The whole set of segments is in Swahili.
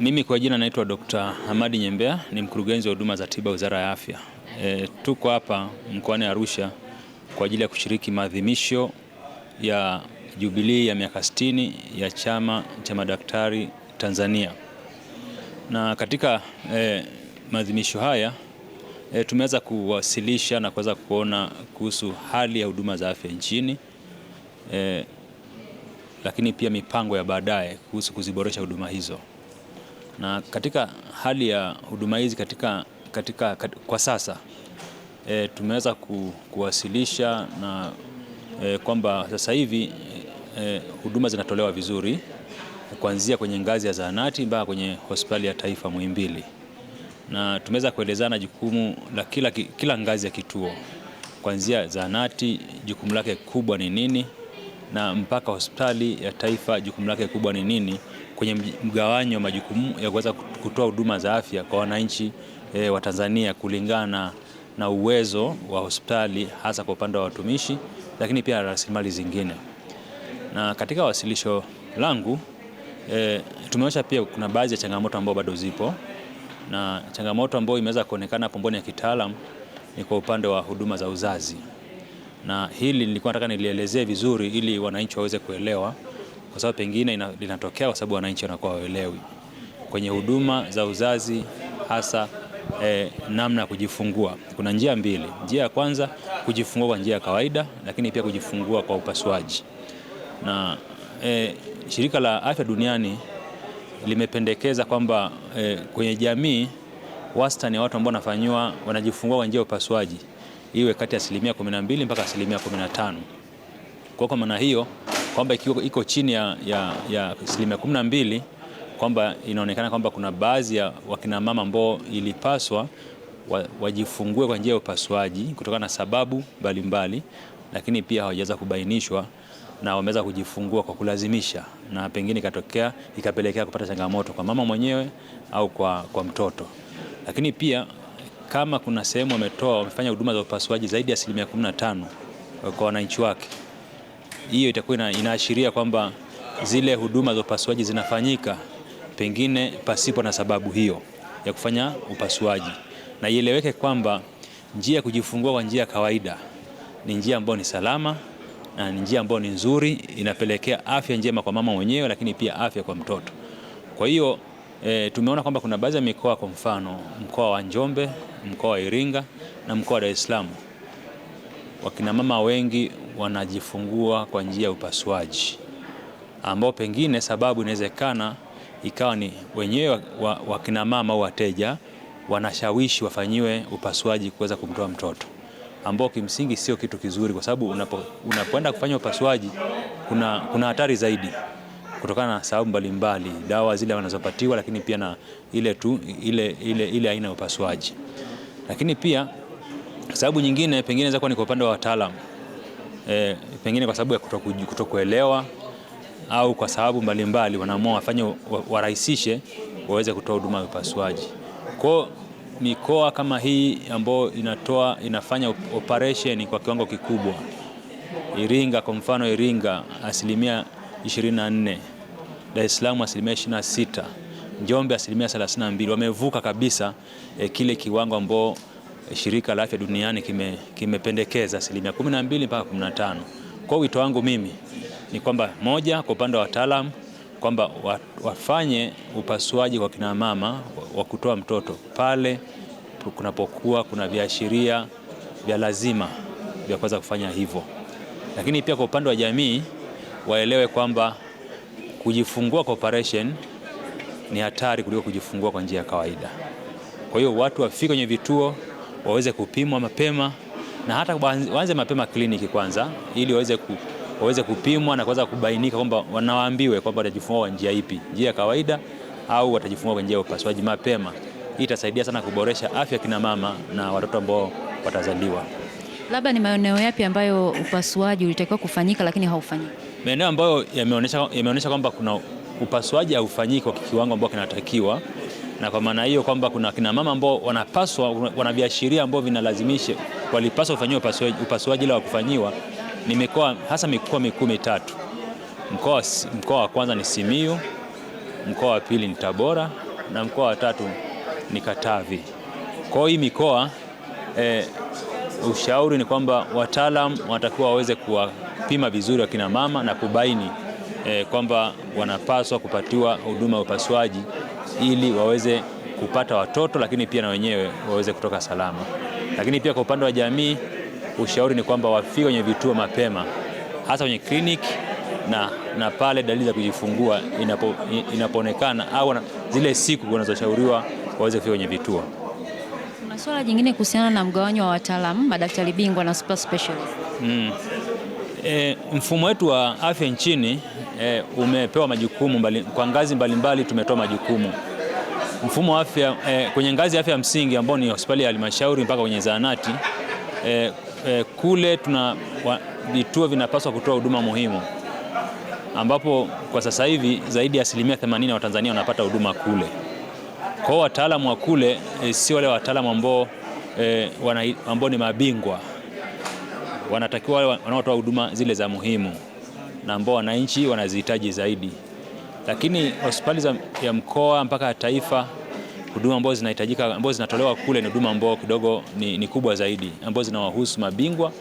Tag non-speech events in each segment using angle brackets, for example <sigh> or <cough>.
Mimi kwa jina naitwa Dr. Hamadi Nyembea, ni mkurugenzi wa huduma za tiba Wizara ya Afya. E, tuko hapa mkoani Arusha kwa ajili ya kushiriki maadhimisho ya jubilii ya miaka 60 ya chama cha madaktari Tanzania, na katika e, maadhimisho haya e, tumeweza kuwasilisha na kuweza kuona kuhusu hali ya huduma za afya nchini e, lakini pia mipango ya baadaye kuhusu kuziboresha huduma hizo na katika hali ya huduma hizi katika, katika, katika, kwa sasa e, tumeweza ku, kuwasilisha na e, kwamba sasa hivi e, huduma zinatolewa vizuri kuanzia kwenye ngazi ya zahanati mpaka kwenye hospitali ya taifa Muhimbili, na tumeweza kuelezana jukumu la kila, kila ngazi ya kituo kuanzia zahanati jukumu lake kubwa ni nini na mpaka hospitali ya taifa jukumu lake kubwa ni nini kwenye mgawanyo wa majukumu ya kuweza kutoa huduma za afya kwa wananchi e, wa Tanzania kulingana na uwezo wa hospitali hasa kwa upande wa watumishi, lakini pia rasilimali zingine. Na katika wasilisho langu e, tumeonyesha pia kuna baadhi ya changamoto ambazo bado zipo na changamoto ambayo imeweza kuonekana pomboni ya kitaalam ni kwa upande wa huduma za uzazi, na hili nilikuwa nataka nilielezee vizuri ili wananchi waweze kuelewa kwa sababu pengine ina, linatokea kwa sababu wananchi wanakuwa waelewi kwenye huduma za uzazi hasa eh, namna ya kujifungua. Kuna njia mbili. Njia ya kwanza kujifungua kwa njia ya kawaida, lakini pia kujifungua kwa upasuaji na eh, shirika la afya duniani limependekeza kwamba eh, kwenye jamii wastani ya watu ambao wanafanywa wanajifungua kwa njia ya upasuaji iwe kati ya asilimia 12 mpaka asilimia 15. Kwa kwa maana hiyo kwamba iko chini ya asilimia kumi na mbili kwamba inaonekana kwamba kuna baadhi ya wakinamama ambao ilipaswa wajifungue kwa njia ya upasuaji kutokana na sababu mbalimbali, lakini pia hawajaweza kubainishwa na wameweza kujifungua kwa kulazimisha, na pengine ikatokea ikapelekea kupata changamoto kwa mama mwenyewe au kwa, kwa mtoto. Lakini pia kama kuna sehemu wametoa wamefanya huduma za upasuaji zaidi ya asilimia 15 kwa wananchi wake hiyo itakuwa inaashiria kwamba zile huduma za upasuaji zinafanyika pengine pasipo na sababu hiyo ya kufanya upasuaji, na ieleweke kwamba njia ya kujifungua kwa njia ya kawaida ni njia ambayo ni salama na ni njia ambayo ni nzuri, inapelekea afya njema kwa mama mwenyewe, lakini pia afya kwa mtoto. Kwa hiyo e, tumeona kwamba kuna baadhi ya mikoa, kwa mfano mkoa wa Njombe, mkoa wa Iringa na mkoa wa Dar es Salaam, wakina mama wengi wanajifungua kwa njia ya upasuaji, ambao pengine sababu inawezekana ikawa ni wenyewe wakina mama au wateja wanashawishi wafanyiwe upasuaji kuweza kumtoa mtoto, ambao kimsingi sio kitu kizuri, kwa sababu unapo, unapoenda kufanya upasuaji kuna, kuna hatari zaidi kutokana na sababu mbalimbali, dawa zile wanazopatiwa, lakini pia na ile tu ile, ile, ile aina ya upasuaji. Lakini pia sababu nyingine pengine inaweza kuwa ni kwa upande wa wataalamu eh, pengine kwa sababu ya kutokuelewa au kwa sababu mbalimbali wanaamua wafanye warahisishe waweze kutoa huduma ya upasuaji. Kwa mikoa kama hii ambayo inatoa inafanya operation kwa kiwango kikubwa, Iringa kwa mfano, Iringa asilimia 24, Dar es Salaam asilimia 26, Njombe asilimia 32, wamevuka kabisa eh, kile kiwango ambao shirika la afya duniani kimependekeza kime asilimia 12 mpaka 15. Kwa wito wangu mimi ni kwamba moja, kwa upande wa wataalamu kwamba wafanye upasuaji kwa kina mama wa kutoa mtoto pale kunapokuwa kuna viashiria vya lazima vya kuweza kufanya hivyo, lakini pia kwa upande wa jamii waelewe kwamba kujifungua kwa operation ni hatari kuliko kujifungua kwa njia ya kawaida. Kwa hiyo watu wafike kwenye vituo waweze kupimwa mapema na hata waanze mapema kliniki kwanza, ili waweze ku, waweze kupimwa na kuweza kubainika kwamba wanawaambiwe kwamba watajifungua kwa njia ipi, njia ya kawaida au watajifungua kwa njia ya upasuaji mapema. Hii itasaidia sana kuboresha afya kina mama na watoto ambao watazaliwa. Labda ni maeneo yapi ambayo upasuaji ulitakiwa kufanyika lakini haufanyiki? Maeneo ambayo yameonyesha yameonyesha kwamba kuna upasuaji haufanyiki kwa kiwango ambao kinatakiwa na kwa maana hiyo kwamba kuna kina mama ambao wanapaswa, wana viashiria ambao vinalazimisha walipaswa kufanyiwa upasuaji, ila wakufanyiwa ni mikoa, hasa mikoa mikuu mitatu. Mkoa, mkoa wa kwanza ni Simiyu, mkoa wa pili ni Tabora na mkoa wa tatu ni Katavi. Kwa hiyo mikoa e, ushauri ni kwamba wataalam wanatakiwa waweze kuwapima vizuri wakina mama na kubaini eh, kwamba wanapaswa kupatiwa huduma ya upasuaji ili waweze kupata watoto, lakini pia na wenyewe waweze kutoka salama. Lakini pia kwa upande wa jamii, ushauri ni kwamba wafike kwenye vituo mapema, hasa kwenye kliniki na, na pale dalili za kujifungua inapo, inapoonekana au zile siku wanazoshauriwa waweze kufika kwenye vituo. Kuna swala jingine kuhusiana na mgawanyo wa wataalamu, madaktari bingwa na super specialist. Mm. E, mfumo wetu wa afya nchini eh, umepewa majukumu mbali, kwa ngazi mbalimbali tumetoa majukumu mfumo wa afya eh, kwenye ngazi ya afya ya msingi ambao ni hospitali ya halmashauri mpaka kwenye zahanati eh, eh, kule tuna vituo vinapaswa kutoa huduma muhimu ambapo kwa sasa hivi zaidi ya asilimia 80 ya Watanzania wanapata huduma kule. Kwa hiyo wataalamu wa kule eh, si wale wataalamu ambao eh, ambao ni mabingwa, wanatakiwa wale wanaotoa huduma zile za muhimu na ambao wananchi wanazihitaji zaidi. Lakini hospitali ya mkoa mpaka taifa, huduma ambazo zinahitajika ambazo zinatolewa kule ni huduma ambao kidogo ni, ni kubwa zaidi ambazo zinawahusu mabingwa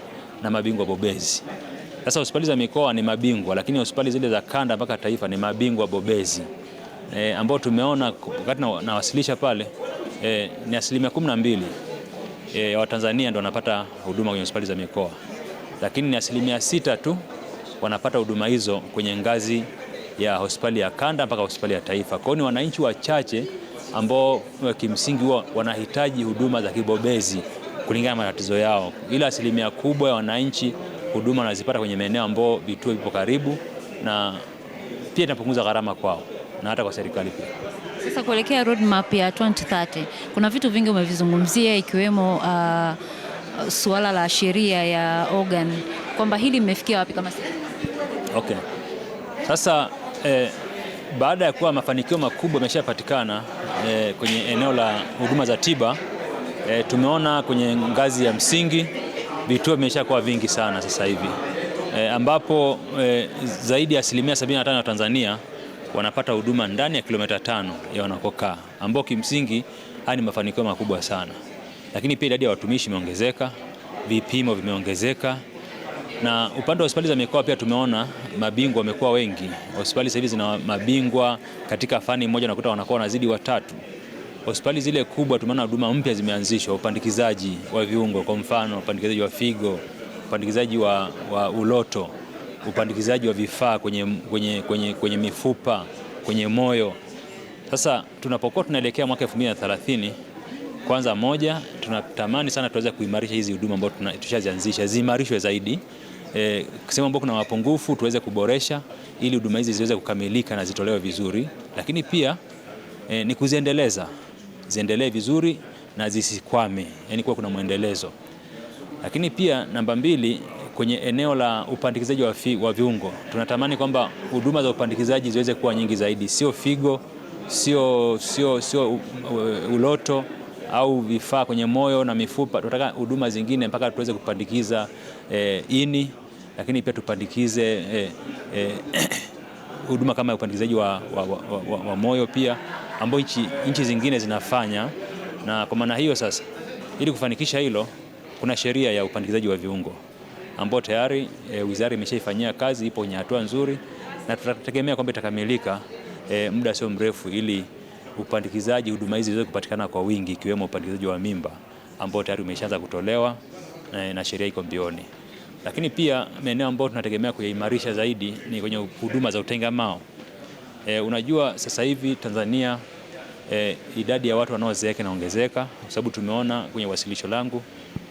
na mabingwa bobezi. Sasa hospitali za mikoa ni mabingwa, lakini hospitali zile za kanda mpaka taifa ni mabingwa bobezi e, ambao tumeona wakati nawasilisha na pale e, ni asilimia kumi na mbili e, ya Watanzania ndio wanapata huduma kwenye hospitali za mikoa, lakini ni asilimia sita tu wanapata huduma hizo kwenye ngazi ya hospitali ya kanda mpaka hospitali ya taifa. Kwa hiyo ni wananchi wachache ambao eh, kimsingi huwa wanahitaji huduma za kibobezi kulingana na matatizo yao, ila asilimia kubwa ya wananchi huduma wanazipata kwenye maeneo ambao vituo vipo karibu, na pia inapunguza gharama kwao na hata kwa serikali pia. Sasa kuelekea roadmap ya 2030 kuna vitu vingi umevizungumzia ikiwemo uh, suala la sheria ya organ kwamba hili mmefikia wapi kama serikali? Okay. Sasa eh, baada ya kuwa mafanikio makubwa yameshapatikana eh, kwenye eneo la huduma za tiba eh, tumeona kwenye ngazi ya msingi vituo vimeshakuwa vingi sana sasa hivi eh, ambapo eh, zaidi ya asilimia 75 ya Tanzania wanapata huduma ndani ya kilomita tano ya wanakokaa, ambao kimsingi haya ni mafanikio makubwa sana, lakini pia idadi ya watumishi imeongezeka, vipimo vimeongezeka na upande wa hospitali za mikoa pia tumeona mabingwa wamekuwa wengi. Hospitali sasa hivi zina mabingwa katika fani moja, nakuta wanakuwa wanazidi watatu. Hospitali zile kubwa tumeona huduma mpya zimeanzishwa, upandikizaji wa viungo, kwa mfano upandikizaji wa figo, upandikizaji wa, wa uloto, upandikizaji wa vifaa kwenye, kwenye, kwenye, kwenye mifupa, kwenye moyo. Sasa tunapokuwa tunaelekea mwaka 2030 kwanza moja tunatamani sana tuweze kuimarisha hizi huduma ambazo tushazianzisha ziimarishwe zaidi. E, kusema ambapo kuna mapungufu tuweze kuboresha ili huduma hizi ziweze kukamilika na zitolewe vizuri, lakini pia e, ni kuziendeleza ziendelee vizuri na zisikwame, yani kuwa kuna mwendelezo. Lakini pia namba mbili, kwenye eneo la upandikizaji wa, fi, wa viungo tunatamani kwamba huduma za upandikizaji ziweze kuwa nyingi zaidi, sio figo, sio sio sio uloto au vifaa kwenye moyo na mifupa, tunataka huduma zingine mpaka tuweze kupandikiza e, ini, lakini pia tupandikize e, e, <clears throat> huduma kama upandikizaji wa, wa, wa, wa, wa moyo pia ambayo nchi zingine zinafanya, na kwa maana hiyo sasa, ili kufanikisha hilo, kuna sheria ya upandikizaji wa viungo ambao tayari e, wizara imeshaifanyia kazi, ipo kwenye hatua nzuri na tutategemea kwamba itakamilika e, muda sio mrefu ili upandikizaji huduma hizi ziweze kupatikana kwa wingi, ikiwemo upandikizaji wa mimba ambao tayari umeshaanza kutolewa na sheria iko mbioni. Lakini pia maeneo ambayo tunategemea kuyaimarisha zaidi ni kwenye huduma za utengamao. E, unajua sasa hivi Tanzania e, idadi ya watu wanaozeeka inaongezeka kwa sababu tumeona kwenye wasilisho langu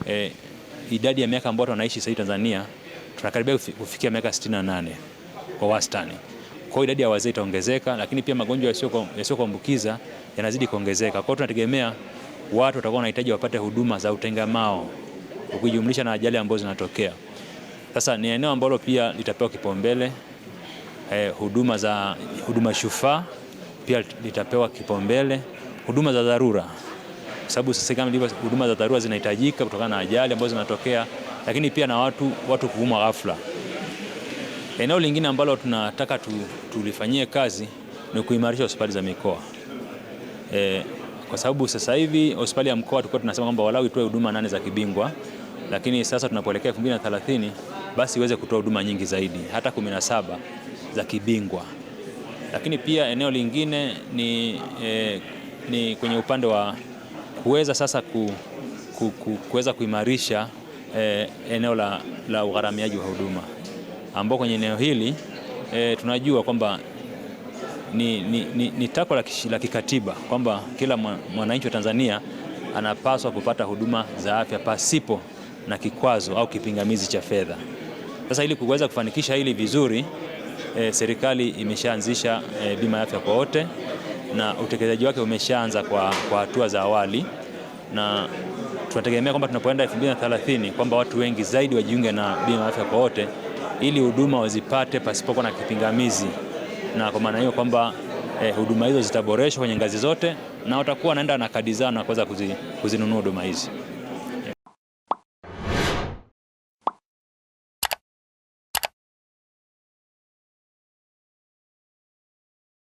e, idadi ya miaka ambayo wanaishi sasa hivi Tanzania tunakaribia kufikia miaka 68 kwa wastani. Kwa idadi ya wazee itaongezeka, lakini pia magonjwa yasiyokuambukiza yanazidi kuongezeka. Kwa hiyo tunategemea watu watakuwa wanahitaji wapate huduma za utengamao ukijumlisha na ajali ambazo zinatokea. Sasa ni eneo ambalo pia litapewa kipaumbele eh, huduma za huduma shufaa pia litapewa kipaumbele, huduma za dharura, kwa sababu sisi kama ndivyo huduma za dharura zinahitajika kutokana na ajali ambazo zinatokea, lakini pia na watu watu kuumwa ghafla. Eneo lingine ambalo tunataka tu, tulifanyie kazi ni kuimarisha hospitali za mikoa e, kwa sababu sasa hivi hospitali ya mkoa tulikuwa tunasema kwamba walau itoe huduma nane za kibingwa, lakini sasa tunapoelekea 2030 basi iweze kutoa huduma nyingi zaidi hata 17 za kibingwa. Lakini pia eneo lingine ni, e, ni kwenye upande wa kuweza sasa ku, ku, ku, kuweza kuimarisha e, eneo la, la ugharamiaji wa huduma ambao kwenye eneo hili e, tunajua kwamba ni, ni, ni, ni takwa la kikatiba kwamba kila mwananchi wa Tanzania anapaswa kupata huduma za afya pasipo na kikwazo au kipingamizi cha fedha. Sasa ili kuweza kufanikisha hili vizuri e, serikali imeshaanzisha e, bima ya afya kwa wote na utekelezaji wake umeshaanza kwa, kwa hatua za awali na tunategemea kwamba tunapoenda 2030 kwamba watu wengi zaidi wajiunge na bima ya afya kwa wote ili huduma wazipate pasipokuwa na kipingamizi, na kwa maana hiyo kwamba eh, huduma hizo zitaboreshwa kwenye ngazi zote na watakuwa wanaenda na kadi zao na kuweza kuzinunua huduma hizi.